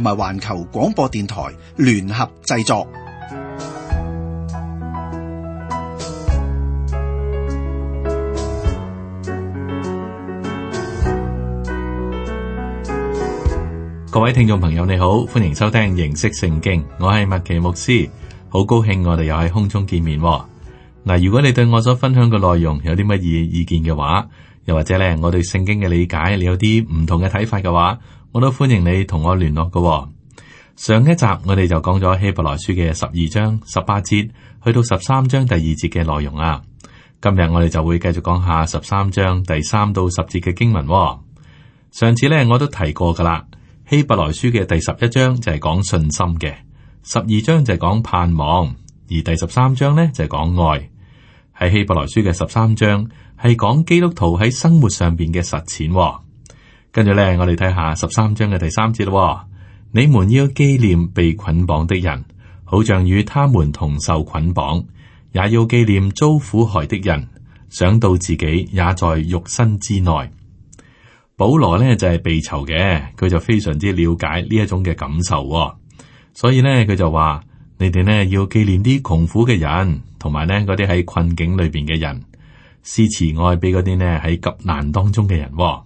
同埋環球廣播電台聯合製作。各位聽眾朋友，你好，歡迎收聽認識聖經，我係麥奇牧師，好高興我哋又喺空中見面。嗱，如果你對我所分享嘅內容有啲乜嘢意見嘅話，又或者咧，我對聖經嘅理解你有啲唔同嘅睇法嘅話，我都歡迎你同我聯絡㗎喎。上一集我哋就講咗希伯來書嘅十二章十八節去到十三章第二節嘅內容啊。今日我哋就會繼續講下十三章第三到十節嘅經文喎。上次咧我都提過噶啦，希伯來書嘅第十一章就係講信心嘅，十二章就係講盼望，而第十三章咧就係講愛。喺希伯來書嘅十三章係講基督徒喺生活上面嘅實踐喎。跟住咧，我哋睇下十三章嘅第三節咯。你們要紀念被捆綁的人，好像與他們同受捆綁；也要紀念遭苦害的人，想到自己也在肉身之內。保羅呢就係、是、被囚嘅，佢就非常之了解呢一種嘅感受，哦，所以呢，佢就話：你哋呢要紀念啲窮苦嘅人，同埋呢嗰啲喺困境裏邊嘅人，施慈愛俾嗰啲呢喺急難當中嘅人，哦。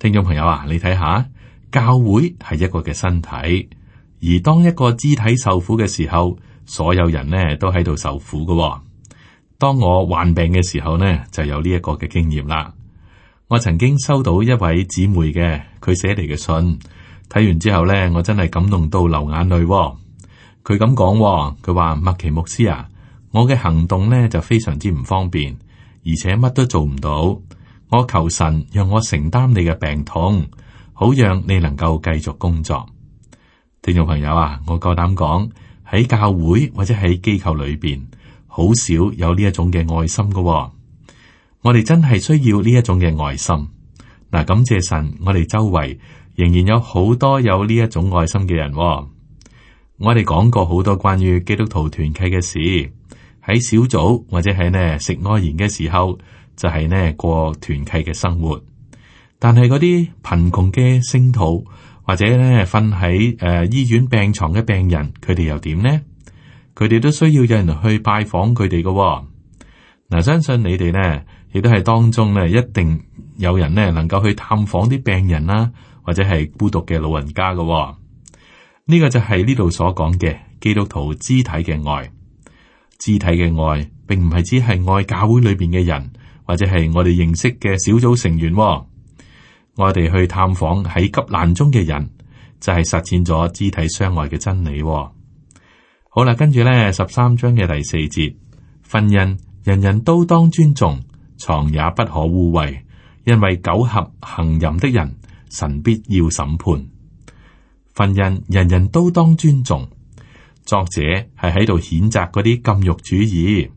聽眾朋友啊，你睇下，教會係一個嘅身體，而當一個肢體受苦嘅時候，所有人呢都喺度受苦嘅哦。當我患病嘅時候呢，就有呢一個嘅經驗啦。我曾經收到一位姊妹嘅佢寫嚟嘅信，睇完之後呢，我真係感動到流眼淚哦。佢咁講，佢話麥奇牧師啊，我嘅行動呢就非常之唔方便，而且乜都做唔到。我求神讓我承擔你嘅病痛，好讓你能夠繼續工作。聽眾朋友啊，我夠膽講，喺教會或者喺機構裏邊，好少有呢一種嘅愛心㗎喎。我哋真係需要呢一種嘅愛心。嗱，感謝神，我哋周圍仍然有好多有呢一種愛心嘅人喎。我哋講過好多關於基督徒團契嘅事，喺小組或者喺呢食愛筵嘅時候。就係咧過團契嘅生活，但係嗰啲貧窮嘅聖徒，或者咧瞓喺誒醫院病床嘅病人，佢哋又點呢？佢哋都需要有人去拜訪佢哋嘅嗱。相信你哋呢，亦都係當中咧，一定有人咧能夠去探訪啲病人啦、啊，或者係孤獨嘅老人家嘅、哦。呢、這個就係呢度所講嘅基督徒肢體嘅愛，肢體嘅愛並唔係只係愛教會裏邊嘅人。或者係我哋認識嘅小組成員、哦，我哋去探訪喺急難中嘅人，就係、是、實踐咗肢體相愛嘅真理、哦。好啦，跟住咧十三章嘅第四節，婚姻人，人人都當尊重，床也不可污穢，因為苟合行淫的人，神必要審判。婚姻人，人人都當尊重，作者係喺度譴責嗰啲禁慾主義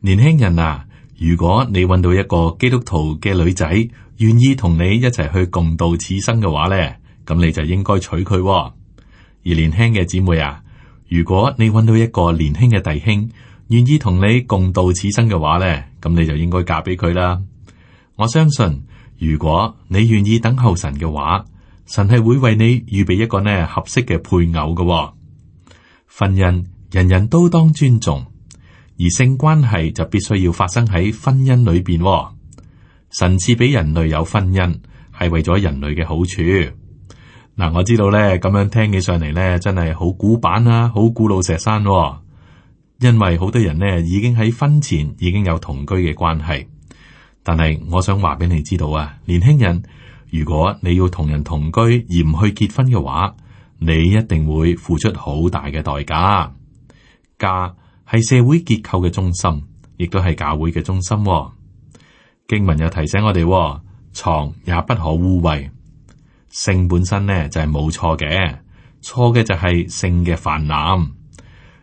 年輕人啊。如果你揾到一個基督徒嘅女仔，願意同你一齊去共度此生嘅話呢，咁你就應該娶佢；而年輕嘅姐妹啊，如果你揾到一個年輕嘅弟兄，願意同你共度此生嘅話呢，咁你就應該嫁俾佢啦。我相信，如果你願意等候神嘅話，神係會為你預備一個呢合適嘅配偶嘅。婚姻人，人人都當尊重。而性關係就必須要發生喺婚姻裏邊。哦，神賜俾人類有婚姻係為咗人類嘅好處。嗱、啊，我知道咧，咁樣聽起上嚟咧，真係好古板啊，好古老石山，啊。因為好多人呢已經喺婚前已經有同居嘅關係，但係我想話俾你知道啊，年輕人，如果你要同人同居而唔去結婚嘅話，你一定會付出好大嘅代價。㗎。係社會結構嘅中心，亦都係教會嘅中心、哦。經文又提醒我哋、哦，床也不可污穢。性本身咧就係冇錯嘅，錯嘅就係性嘅泛濫。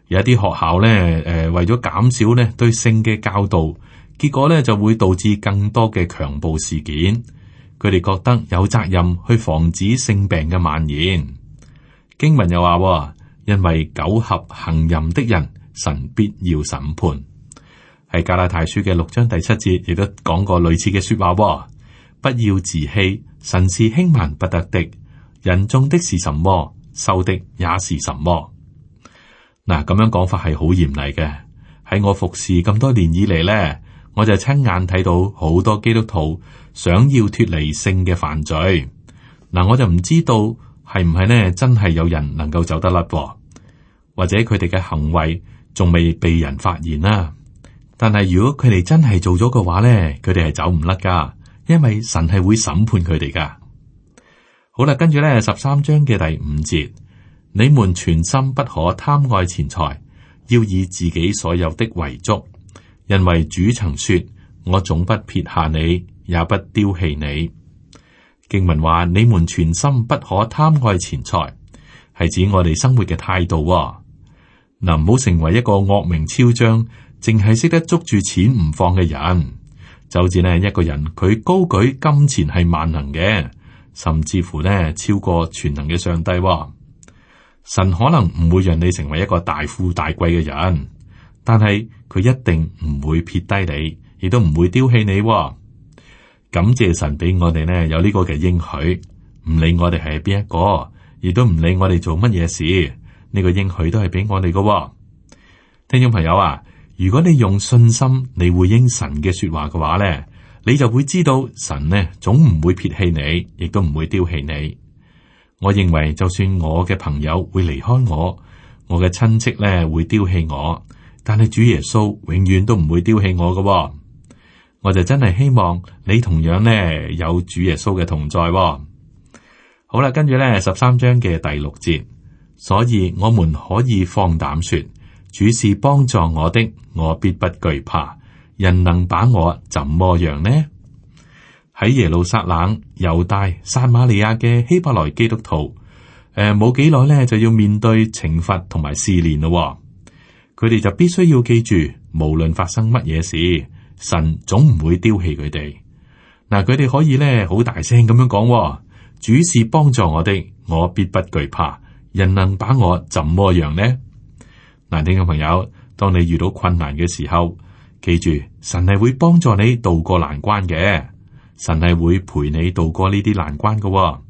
有一啲學校咧，誒、呃、為咗減少咧對性嘅教導，結果咧就會導致更多嘅強暴事件。佢哋覺得有責任去防止性病嘅蔓延。經文又話、哦，因為苟合行淫的人。神必要審判，係加拉太書嘅六章第七節亦都講過類似嘅說話。不要自欺，神是輕慢不得的。人種的是什麼，受的也是什麼。嗱，咁樣講法係好嚴厲嘅。喺我服侍咁多年以嚟咧，我就親眼睇到好多基督徒想要脫離性嘅犯罪。嗱,我就唔知道係唔係呢真係有人能夠走得甩，或者佢哋嘅行為。仲未被人發現啦，但係如果佢哋真係做咗嘅話咧，佢哋係走唔甩噶，因為神係會審判佢哋噶。好啦，跟住咧，十三章嘅第五節，你們全心不可貪愛錢財，要以自己所有的為足，因為主曾說，我總不撇下你，也不丟棄你。經文話，你們全心不可貪愛錢財，係指我哋生活嘅態度哦。嗱，唔好成為一個惡名昭彰、淨係識得捉住錢唔放嘅人。就似呢一個人，佢高舉金錢係萬能嘅，甚至乎呢超過全能嘅上帝。神可能唔會讓你成為一個大富大貴嘅人，但係佢一定唔會撇低你，亦都唔會丟棄你。感謝神俾我哋呢有呢個嘅應許，唔理我哋係邊一個，亦都唔理我哋做乜嘢事。呢個應許都係俾我哋㗎喎，聽眾朋友啊，如果你用信心嚟回應神嘅說話嘅話咧，你就會知道神呢總唔會撇棄你，亦都唔會丟棄你。我認為就算我嘅朋友會離開我，我嘅親戚呢會丟棄我，但係主耶穌永遠都唔會丟棄我嘅喎。我就真係希望你同樣呢有主耶穌嘅同在喎。好啦，跟住呢十三章嘅第六節。所以我們可以放膽說，主是幫助我的，我必不懼怕。人能把我怎麼樣呢？喺耶路撒冷、猶大、撒馬利亞嘅希伯來基督徒，誒、呃，冇幾耐咧就要面對懲罰同埋試煉咯。佢哋就必須要記住，無論發生乜嘢事，神總唔會丟棄佢哋。嗱、呃，佢哋可以咧好大聲咁樣講，主是幫助我的，我必不懼怕。人能把我怎麼樣呢？難聽嘅朋友，當你遇到困難嘅時候，記住，神係會幫助你渡過難關嘅，神係會陪你渡過呢啲難關嘅，哦。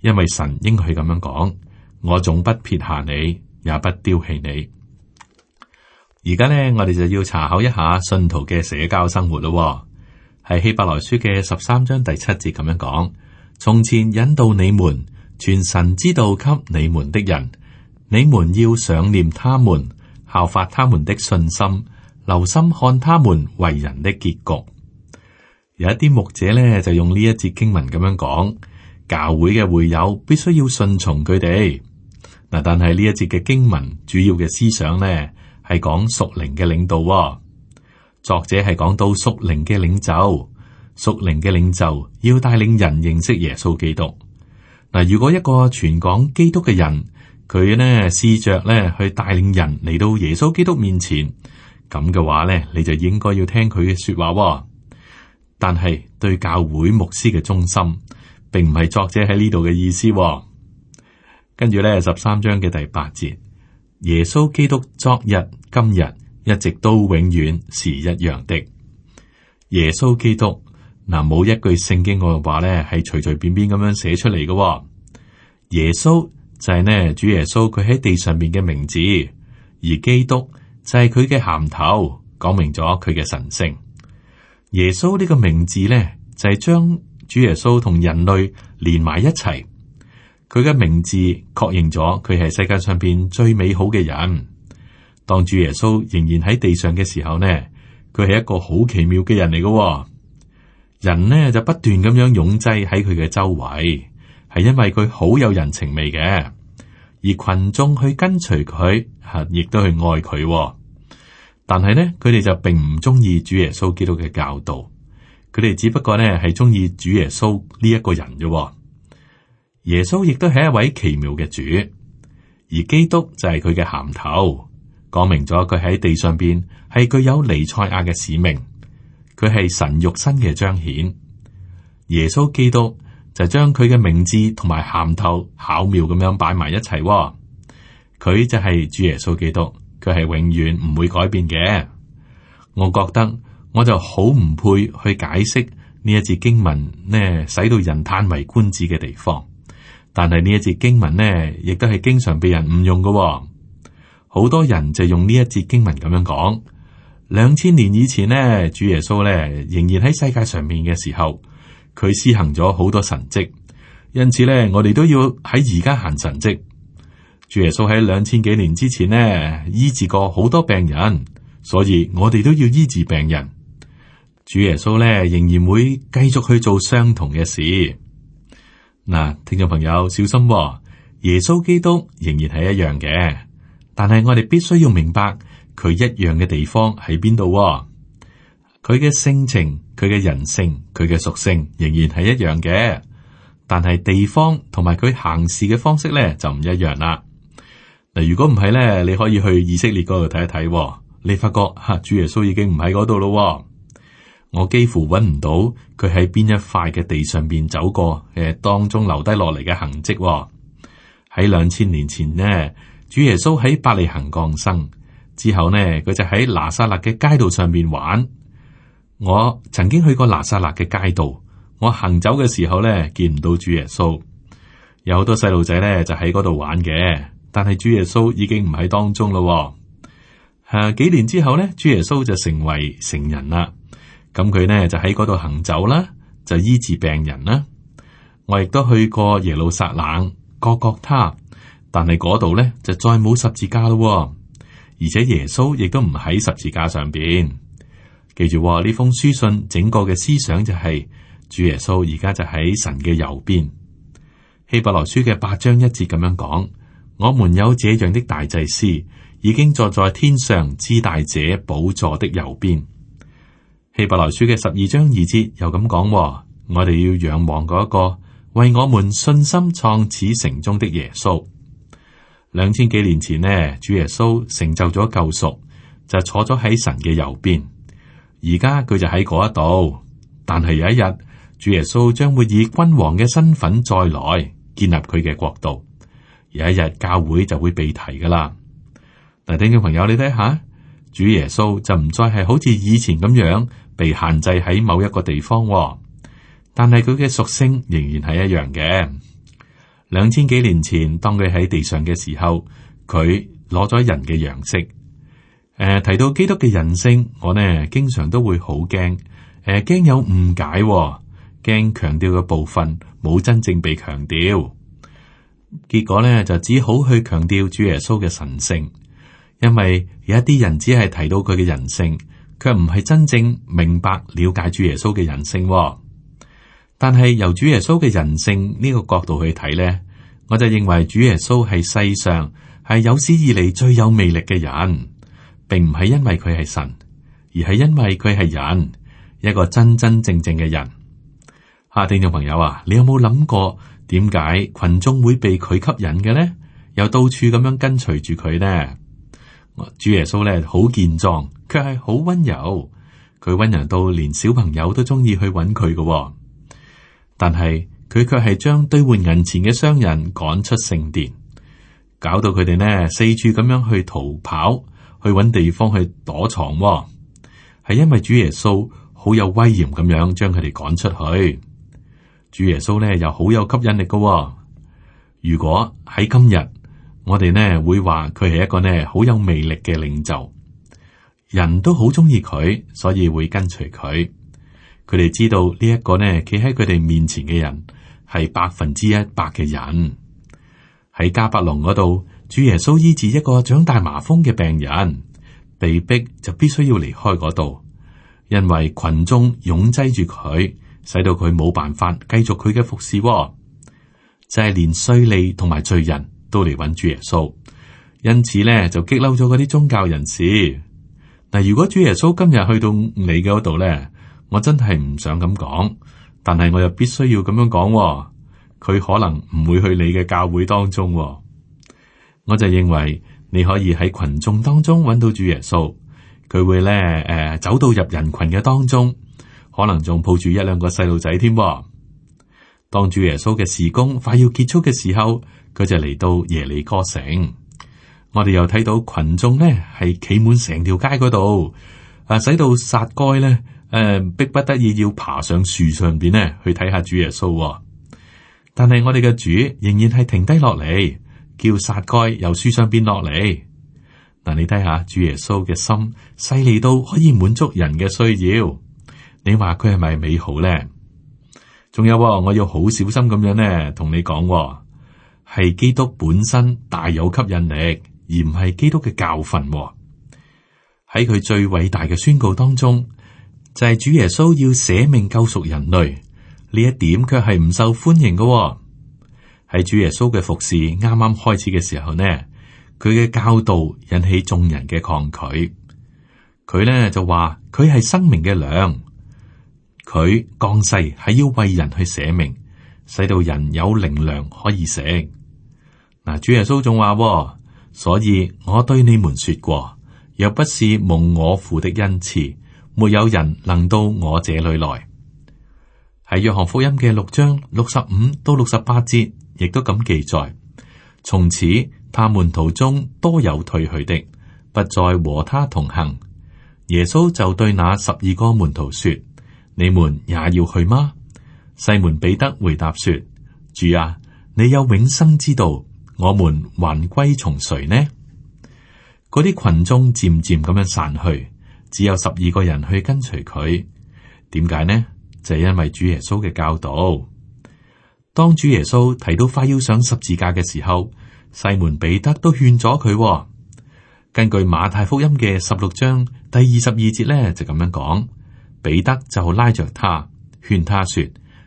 因為神應許咁樣講，我總不撇下你，也不丟棄你。而家呢，我哋就要查考一下信徒嘅社交生活咯，哦。喺希伯來書嘅十三章第七節咁樣講：從前引導你們。全神知道給你們的人，你們要想念他們，效法他們的信心，留心看他們為人的結局。有一啲牧者咧就用呢一節經文咁樣講，教會嘅會友必須要順從佢哋。嗱，但係呢一節嘅經文主要嘅思想咧係講屬靈嘅領導，哦。作者係講到屬靈嘅領袖，屬靈嘅領袖要帶領人認識耶穌基督。嗱，如果一個全港基督嘅人，佢呢試着呢去帶領人嚟到耶穌基督面前，咁嘅話呢，你就應該要聽佢嘅說話喎。但係對教會牧師嘅忠心，並唔係作者喺呢度嘅意思喎。跟住呢，十三章嘅第八節，耶穌基督昨日、今日一直都永遠是一樣的。耶穌基督。嗱，冇一句聖經嘅話咧，係隨隨便便咁樣寫出嚟嘅。耶穌就係呢，主耶穌，佢喺地上邊嘅名字，而基督就係佢嘅銜頭，講明咗佢嘅神聖。耶穌呢個名字咧，就係將主耶穌同人類連埋一齊。佢嘅名字確認咗佢係世界上邊最美好嘅人。當主耶穌仍然喺地上嘅時候咧，佢係一個好奇妙嘅人嚟嘅。人呢就不斷咁樣擁擠喺佢嘅周圍，係因為佢好有人情味嘅，而群眾去跟隨佢，亦都去愛佢哦。但係呢，佢哋就並唔中意主耶穌基督嘅教導，佢哋只不過呢係中意主耶穌呢一個人啫。耶穌亦都係一位奇妙嘅主，而基督就係佢嘅銜頭，講明咗佢喺地上邊係具有尼賽亞嘅使命。佢係神肉身嘅彰顯，耶穌基督就將佢嘅名字同埋銜頭巧妙咁樣擺埋一齊。佢就係主耶穌基督，佢係永遠唔會改變嘅。我覺得我就好唔配去解釋呢一節經文呢，使到人嘆為觀止嘅地方。但係呢一節經文呢，亦都係經常被人誤用嘅。好多人就用呢一節經文咁樣講。兩千年以前呢，主耶穌咧仍然喺世界上面嘅時候，佢施行咗好多神蹟，因此咧，我哋都要喺而家行神蹟。主耶穌喺兩千幾年之前呢，醫治過好多病人，所以我哋都要醫治病人。主耶穌咧仍然會繼續去做相同嘅事。嗱，聽眾朋友小心喎，耶穌基督仍然係一樣嘅，但係我哋必須要明白。佢一樣嘅地方喺邊度？佢嘅性情、佢嘅人性、佢嘅屬性仍然係一樣嘅，但係地方同埋佢行事嘅方式咧就唔一樣啦。嗱，如果唔係咧，你可以去以色列嗰度睇一睇，你發覺吓、啊、主耶穌已經唔喺嗰度咯。我幾乎揾唔到佢喺邊一塊嘅地上邊走過誒，當中留低落嚟嘅痕跡。喺兩千年前呢，主耶穌喺伯利恆降生。之後呢，佢就喺拿撒勒嘅街道上面玩。我曾經去過拿撒勒嘅街道，我行走嘅時候呢，見唔到主耶穌。有好多細路仔呢，就喺嗰度玩嘅，但係主耶穌已經唔喺當中咯、哦。吓、啊，幾年之後呢，主耶穌就成為成人啦。咁佢呢就喺嗰度行走啦，就醫治病人啦。我亦都去過耶路撒冷，各各他，但係嗰度呢就再冇十字架咯、哦。而且耶穌亦都唔喺十字架上邊。記住呢、哦、封書信整個嘅思想就係、是、主耶穌而家就喺神嘅右邊。希伯來書嘅八章一節咁樣講：我們有這樣的大祭司，已經坐在天上之大者寶座的右邊。希伯來書嘅十二章二節又咁講、哦：我哋要仰望嗰、那、一個為我們信心創始成終的耶穌。兩千幾年前呢，主耶穌成就咗救贖，就坐咗喺神嘅右邊。而家佢就喺嗰一度，但係有一日，主耶穌將會以君王嘅身份再來，建立佢嘅國度。有一日教會就會被提㗎喇。但係聽眾朋友，你睇下，主耶穌就唔再係好似以前咁樣被限制喺某一個地方喎，但係佢嘅屬性仍然係一樣嘅。兩千幾年前，當佢喺地上嘅時候，佢攞咗人嘅樣式。誒、呃，提到基督嘅人性，我呢經常都會好驚，誒、呃，驚有誤解、哦，驚強調嘅部分冇真正被強調。結果呢，就只好去強調主耶穌嘅神性，因為有一啲人只係提到佢嘅人性，卻唔係真正明白了解主耶穌嘅人性、哦。但係由主耶穌嘅人性呢個角度去睇呢，我就認為主耶穌係世上係有史以嚟，最有魅力嘅人，並唔係因為佢係神，而係因為佢係人，一個真真正正嘅人。下、啊、聽眾朋友啊，你有冇諗過點解群眾會被佢吸引嘅呢？又到處咁樣跟隨住佢呢？主耶穌咧好健壯，卻係好溫柔，佢溫柔到連小朋友都鍾意，去揾佢嘅。但係佢卻係將兌換銀錢嘅商人趕出聖殿，搞到佢哋呢四處咁樣去逃跑，去揾地方去躲藏，哦。係因為主耶穌好有威嚴咁樣將佢哋趕出去。主耶穌呢又好有吸引力㗎，哦。如果喺今日，我哋呢會話佢係一個呢好有魅力嘅領袖，人都好中意佢，所以會跟隨佢。佢哋知道呢一個呢，企喺佢哋面前嘅人係百分之一百嘅人。喺迦百農嗰度，主耶穌醫治一個長大麻風嘅病人，被逼就必須要離開嗰度，因為群眾擁擠住佢，使到佢冇辦法繼續佢嘅服侍、哦。就係、是、連稅吏同埋罪人都嚟揾主耶穌，因此咧就激嬲咗嗰啲宗教人士。嗱，如果主耶穌今日去到你嘅嗰度咧？我真係唔想咁講，但係我又必須要咁樣講、哦。佢可能唔會去你嘅教會當中、哦，我就認為你可以喺群眾當中揾到主耶穌。佢會咧誒、呃、走到入人群嘅當中，可能仲抱住一兩個細路仔添。當主耶穌嘅事工快要結束嘅時候，佢就嚟到耶利哥城。我哋又睇到群眾咧係企滿成條街嗰度啊，使到殺街咧。誒，迫不得已要爬上樹上邊咧，去睇下主耶穌。但係我哋嘅主仍然係停低落嚟，叫撒該由樹上邊落嚟。嗱，你睇下主耶穌嘅心，細膩到可以滿足人嘅需要。你話佢係咪美好咧？仲有，我要好小心咁樣咧，同你講，係基督本身大有吸引力，而唔係基督嘅教訓。喺佢最偉大嘅宣告當中，就係主耶穌要捨命救贖人類呢一點，卻係唔受歡迎嘅，哦。喺主耶穌嘅服侍啱啱開始嘅時候呢，佢嘅教導引起眾人嘅抗拒。佢呢就話佢係生命嘅糧，佢降世係要為人去捨命，使到人有靈糧可以食。嗱，主耶穌仲話，哦，所以我對你們說過，若不是蒙我父的恩賜。沒有人能到我這裏來，喺約翰福音嘅六章六十五到六十八節，亦都咁記載。從此，他門徒中多有退去的，不再和他同行。耶穌就對那十二個門徒說：你們也要去嗎？西門彼得回答說：主啊，你有永生之道，我們還歸從誰呢？嗰啲群眾漸漸咁樣散去。只有十二個人去跟隨佢，點解呢？就係、是、因為主耶穌嘅教導。當主耶穌提到快要上十字架嘅時候，西門彼得都勸咗佢、哦。根據馬太福音嘅十六章第二十二節呢，就咁樣講，彼得就拉着他勸他說：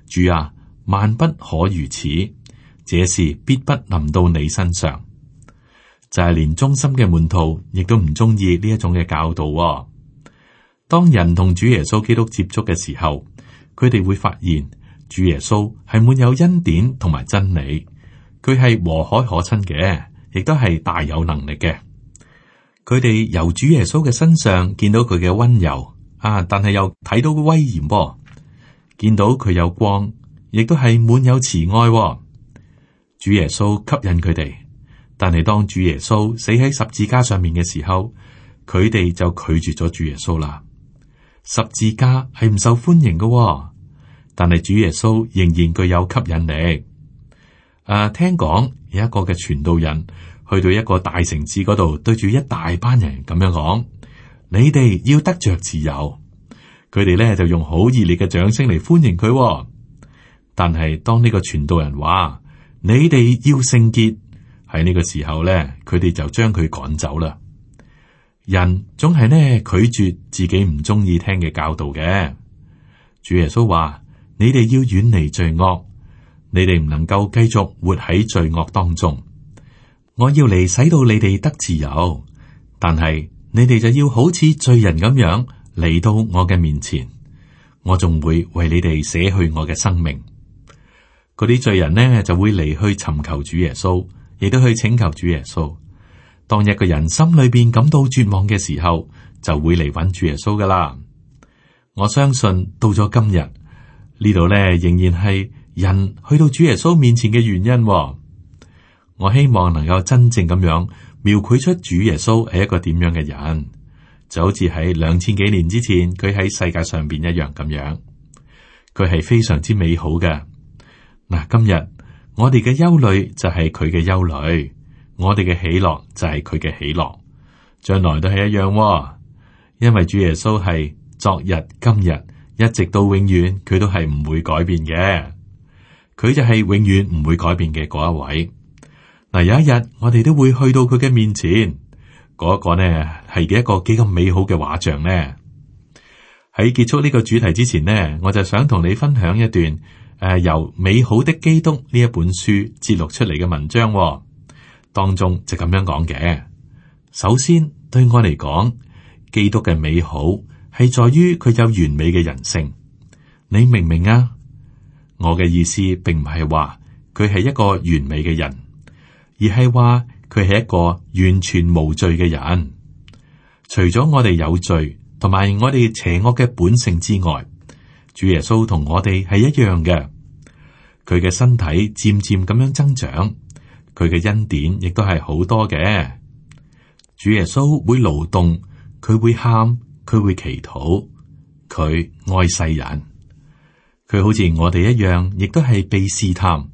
主啊，萬不可如此，這事必不臨到你身上。就係、是、連忠心嘅門徒亦都唔中意呢一種嘅教導、哦。當人同主耶穌基督接觸嘅時候，佢哋會發現主耶穌係滿有恩典同埋真理，佢係和藹可，可親嘅，亦都係大有能力嘅。佢哋由主耶穌嘅身上見到佢嘅温柔啊，但係又睇到佢威嚴，見到佢有光，亦都係滿有慈愛。主耶穌吸引佢哋，但係當主耶穌死喺十字架上面嘅時候，佢哋就拒絕咗主耶穌啦。十字架係唔受歡迎嘅、哦，但係主耶穌仍然具有吸引力。誒、啊，聽講有一個嘅傳道人去到一個大城市嗰度，對住一大班人咁樣講：「你哋要得着自由。佢哋咧就用好熱烈嘅掌聲嚟歡迎佢、哦。但係當呢個傳道人話：「你哋要聖潔。喺呢個時候咧，佢哋就將佢趕走啦。人總係呢拒絕自己唔中意聽嘅教導嘅。主耶穌話：「你哋要遠離罪惡，你哋唔能夠繼續活喺罪惡當中。我要嚟使到你哋得自由，但係你哋就要好似罪人咁樣嚟到我嘅面前，我仲會為你哋捨去我嘅生命。」嗰啲罪人呢就會嚟去尋求主耶穌，亦都去請求主耶穌。當一個人心裏邊感到絕望嘅時候，就會嚟揾主耶穌噶啦。我相信到咗今日呢度咧，仍然係人去到主耶穌面前嘅原因哦。我希望能夠真正咁樣描繪出主耶穌係一個點樣嘅人，就好似喺兩千幾年之前佢喺世界上邊一樣咁樣。佢係非常之美好嘅。嗱，今日我哋嘅憂慮就係佢嘅憂慮。我哋嘅喜樂就係佢嘅喜樂，將來都係一樣，哦，因為主耶穌係昨日、今日，一直到永遠，佢都係唔會改變嘅。佢就係永遠唔會改變嘅嗰一位。嗱、啊，有一日我哋都會去到佢嘅面前，嗰、那個、一個呢係嘅一個幾咁美好嘅畫像呢？喺結束呢個主題之前呢，我就想同你分享一段誒、呃、由《美好的基督》呢一本書節錄出嚟嘅文章，哦。當中就咁樣講嘅。首先，對我嚟講，基督嘅美好係在於佢有完美嘅人性。你明唔明啊？我嘅意思並唔係話佢係一個完美嘅人，而係話佢係一個完全無罪嘅人。除咗我哋有罪，同埋我哋邪惡嘅本性之外，主耶穌同我哋係一樣嘅。佢嘅身體漸漸咁樣增長。佢嘅恩典亦都係好多嘅，主耶穌會勞動，佢會喊，佢會祈禱，佢愛世人，佢好似我哋一樣，亦都係被試探，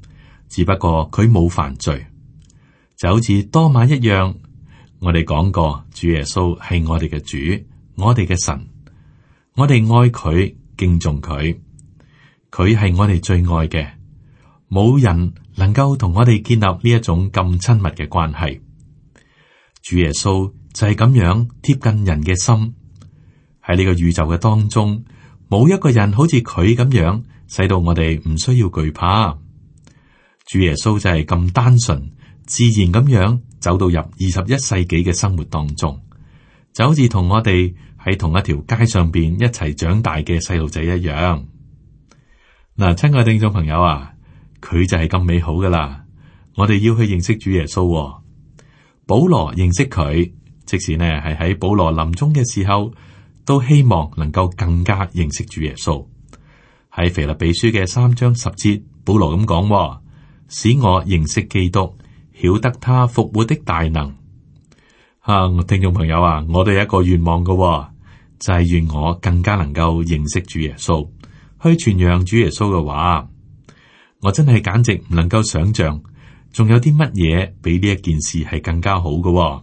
只不過佢冇犯罪，就好似當晚一樣，我哋講過，主耶穌係我哋嘅主，我哋嘅神，我哋愛佢敬重佢，佢係我哋最愛嘅，冇人，能夠同我哋建立呢一種咁親密嘅關係，主耶穌就係咁樣貼近人嘅心。喺呢個宇宙嘅當中，冇一個人好似佢咁樣，使到我哋唔需要懼怕。主耶穌就係咁單純自然咁樣走到入二十一世紀嘅生活當中，就好似同我哋喺同一條街上邊一齊長大嘅細路仔一樣。嗱、呃，親愛嘅聽眾朋友啊！佢就係咁美好噶啦。我哋要去認識主耶穌、哦。保羅認識佢，即使呢係喺保羅臨終嘅時候，都希望能夠更加認識主耶穌。喺腓立比書嘅三章十節，保羅咁講，使我認識基督，曉得他復活的大能。啊，聽眾朋友啊，我哋有一個願望嘅、哦，就係、是、願我更加能夠認識主耶穌，去傳揚主耶穌嘅話。我真係簡直唔能夠想象，仲有啲乜嘢比呢一件事係更加好嘅、哦。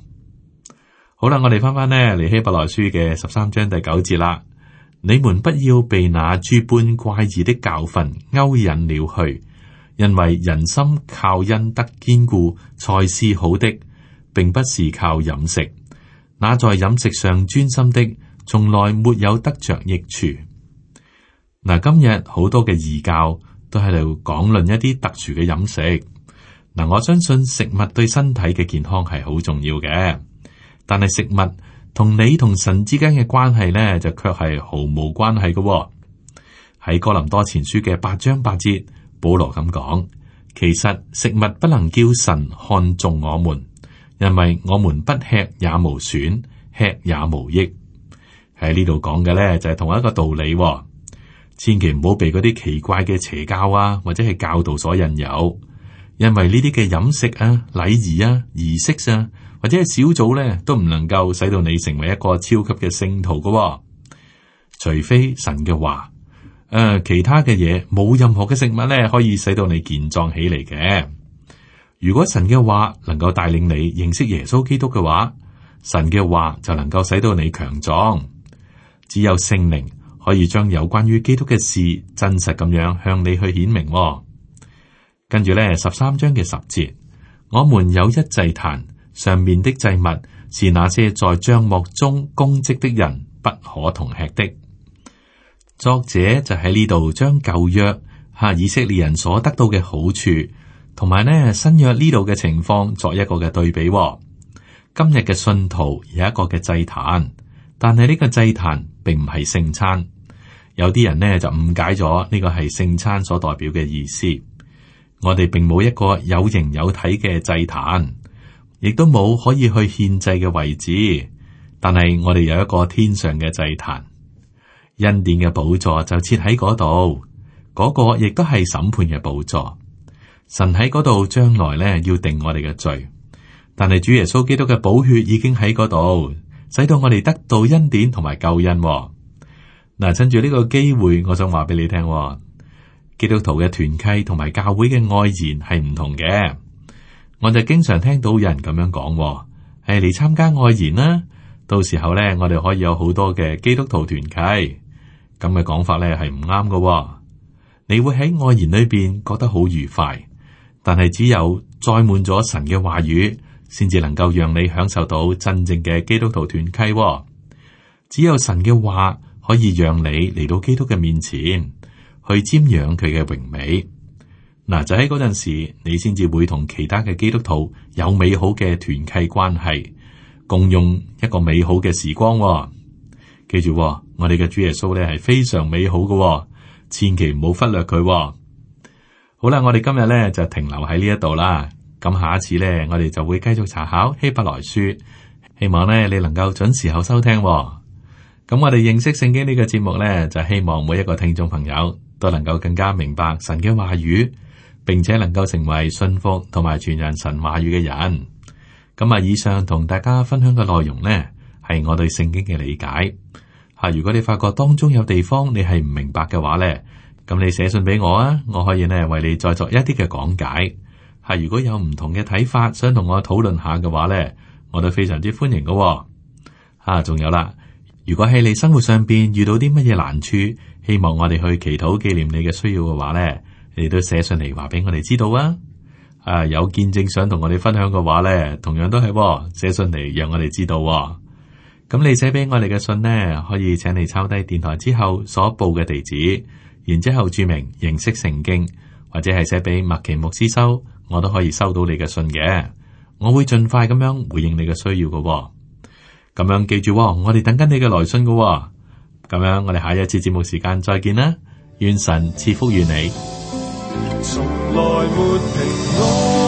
好啦，我哋翻翻呢嚟《希伯來書》嘅十三章第九節啦。你們不要被那諸般怪異的教訓勾引了去，因為人心靠恩得堅固才是好的，並不是靠飲食。那在飲食上專心的，從來沒有得着益處。嗱，今日好多嘅異教。都喺度講論一啲特殊嘅飲食嗱，我相信食物對身體嘅健康係好重要嘅，但係食物同你同神之間嘅關係咧，就卻係毫無關係嘅、哦。喺哥林多前書嘅八章八節，保羅咁講，其實食物不能叫神看中我們，因為我們不吃也無損，吃也無益。喺呢度講嘅咧，就係、是、同一個道理、哦。千祈唔好被嗰啲奇怪嘅邪教啊，或者係教導所引誘，因為呢啲嘅飲食啊、禮儀啊、儀式啊，或者係小組咧，都唔能夠使到你成為一個超級嘅聖徒嘅、哦。除非神嘅話，誒、呃，其他嘅嘢冇任何嘅食物咧，可以使到你健壯起嚟嘅。如果神嘅話能夠帶領你認識耶穌基督嘅話，神嘅話就能夠使到你強壯。只有聖靈，可以將有關於基督嘅事真實咁樣向你去顯明，哦。跟住咧，十三章嘅十節，我們有一祭壇，上面的祭物是那些在帳幕中供職的人不可同吃的。作者就喺呢度將舊約吓以色列人所得到嘅好處，同埋呢新約呢度嘅情況作一個嘅對比，哦。今日嘅信徒有一個嘅祭壇，但係呢個祭壇並唔係聖餐。有啲人咧就誤解咗呢、這個係聖餐所代表嘅意思。我哋並冇一個有形有體嘅祭壇，亦都冇可以去獻祭嘅位置。但係我哋有一個天上嘅祭壇，恩典嘅寶座就設喺嗰度。嗰、那個亦都係審判嘅寶座。神喺嗰度將來咧要定我哋嘅罪，但係主耶穌基督嘅寶血已經喺嗰度，使到我哋得到恩典同埋救恩。嗱，趁住呢個機會，我想話俾你聽，基督徒嘅團契同埋教會嘅愛筵係唔同嘅。我就經常聽到有人咁樣講，誒、哎、嚟參加愛筵啦。到時候咧，我哋可以有好多嘅基督徒團契咁嘅講法咧，係唔啱嘅。你會喺愛筵裏邊覺得好愉快，但係只有載滿咗神嘅話語，先至能夠讓你享受到真正嘅基督徒團契。只有神嘅話。可以讓你嚟到基督嘅面前去瞻仰佢嘅榮美，嗱就喺嗰陣時，你先至會同其他嘅基督徒有美好嘅團契關係，共用一個美好嘅時光喎。記住喎，我哋嘅主耶穌咧係非常美好嘅喎，千祈唔好忽略佢喎。好啦，我哋今日咧就停留喺呢一度啦。咁下一次咧，我哋就會繼續查考希伯來書，希望咧你能夠準時候收聽喎。咁我哋認識聖經呢個節目呢，就希望每一個聽眾朋友都能夠更加明白神嘅話語，並且能夠成為信服同埋傳人神話語嘅人。咁啊，以上同大家分享嘅內容呢，係我對聖經嘅理解吓。如果你發覺當中有地方你係唔明白嘅話呢，咁你寫信俾我啊，我可以呢為你再作一啲嘅講解吓。如果有唔同嘅睇法，想同我討論下嘅話呢，我都非常之歡迎㗎。吓、啊，仲有啦。如果喺你生活上邊遇到啲乜嘢難處，希望我哋去祈禱紀念你嘅需要嘅話咧，你都寫信嚟話俾我哋知道啊！啊，有見證想同我哋分享嘅話咧，同樣都係哦、寫信嚟讓我哋知道、哦。咁你寫俾我哋嘅信咧，可以請你抄低電台之後所報嘅地址，然之後注明形式聖經或者係寫俾麥奇牧師收，我都可以收到你嘅信嘅。我會盡快咁樣回應你嘅需要嘅、哦。咁樣記住，我哋等緊你嘅來信㗎、哦。咁樣，我哋下一次節目時間再見啦，願神賜福於你。從來沒停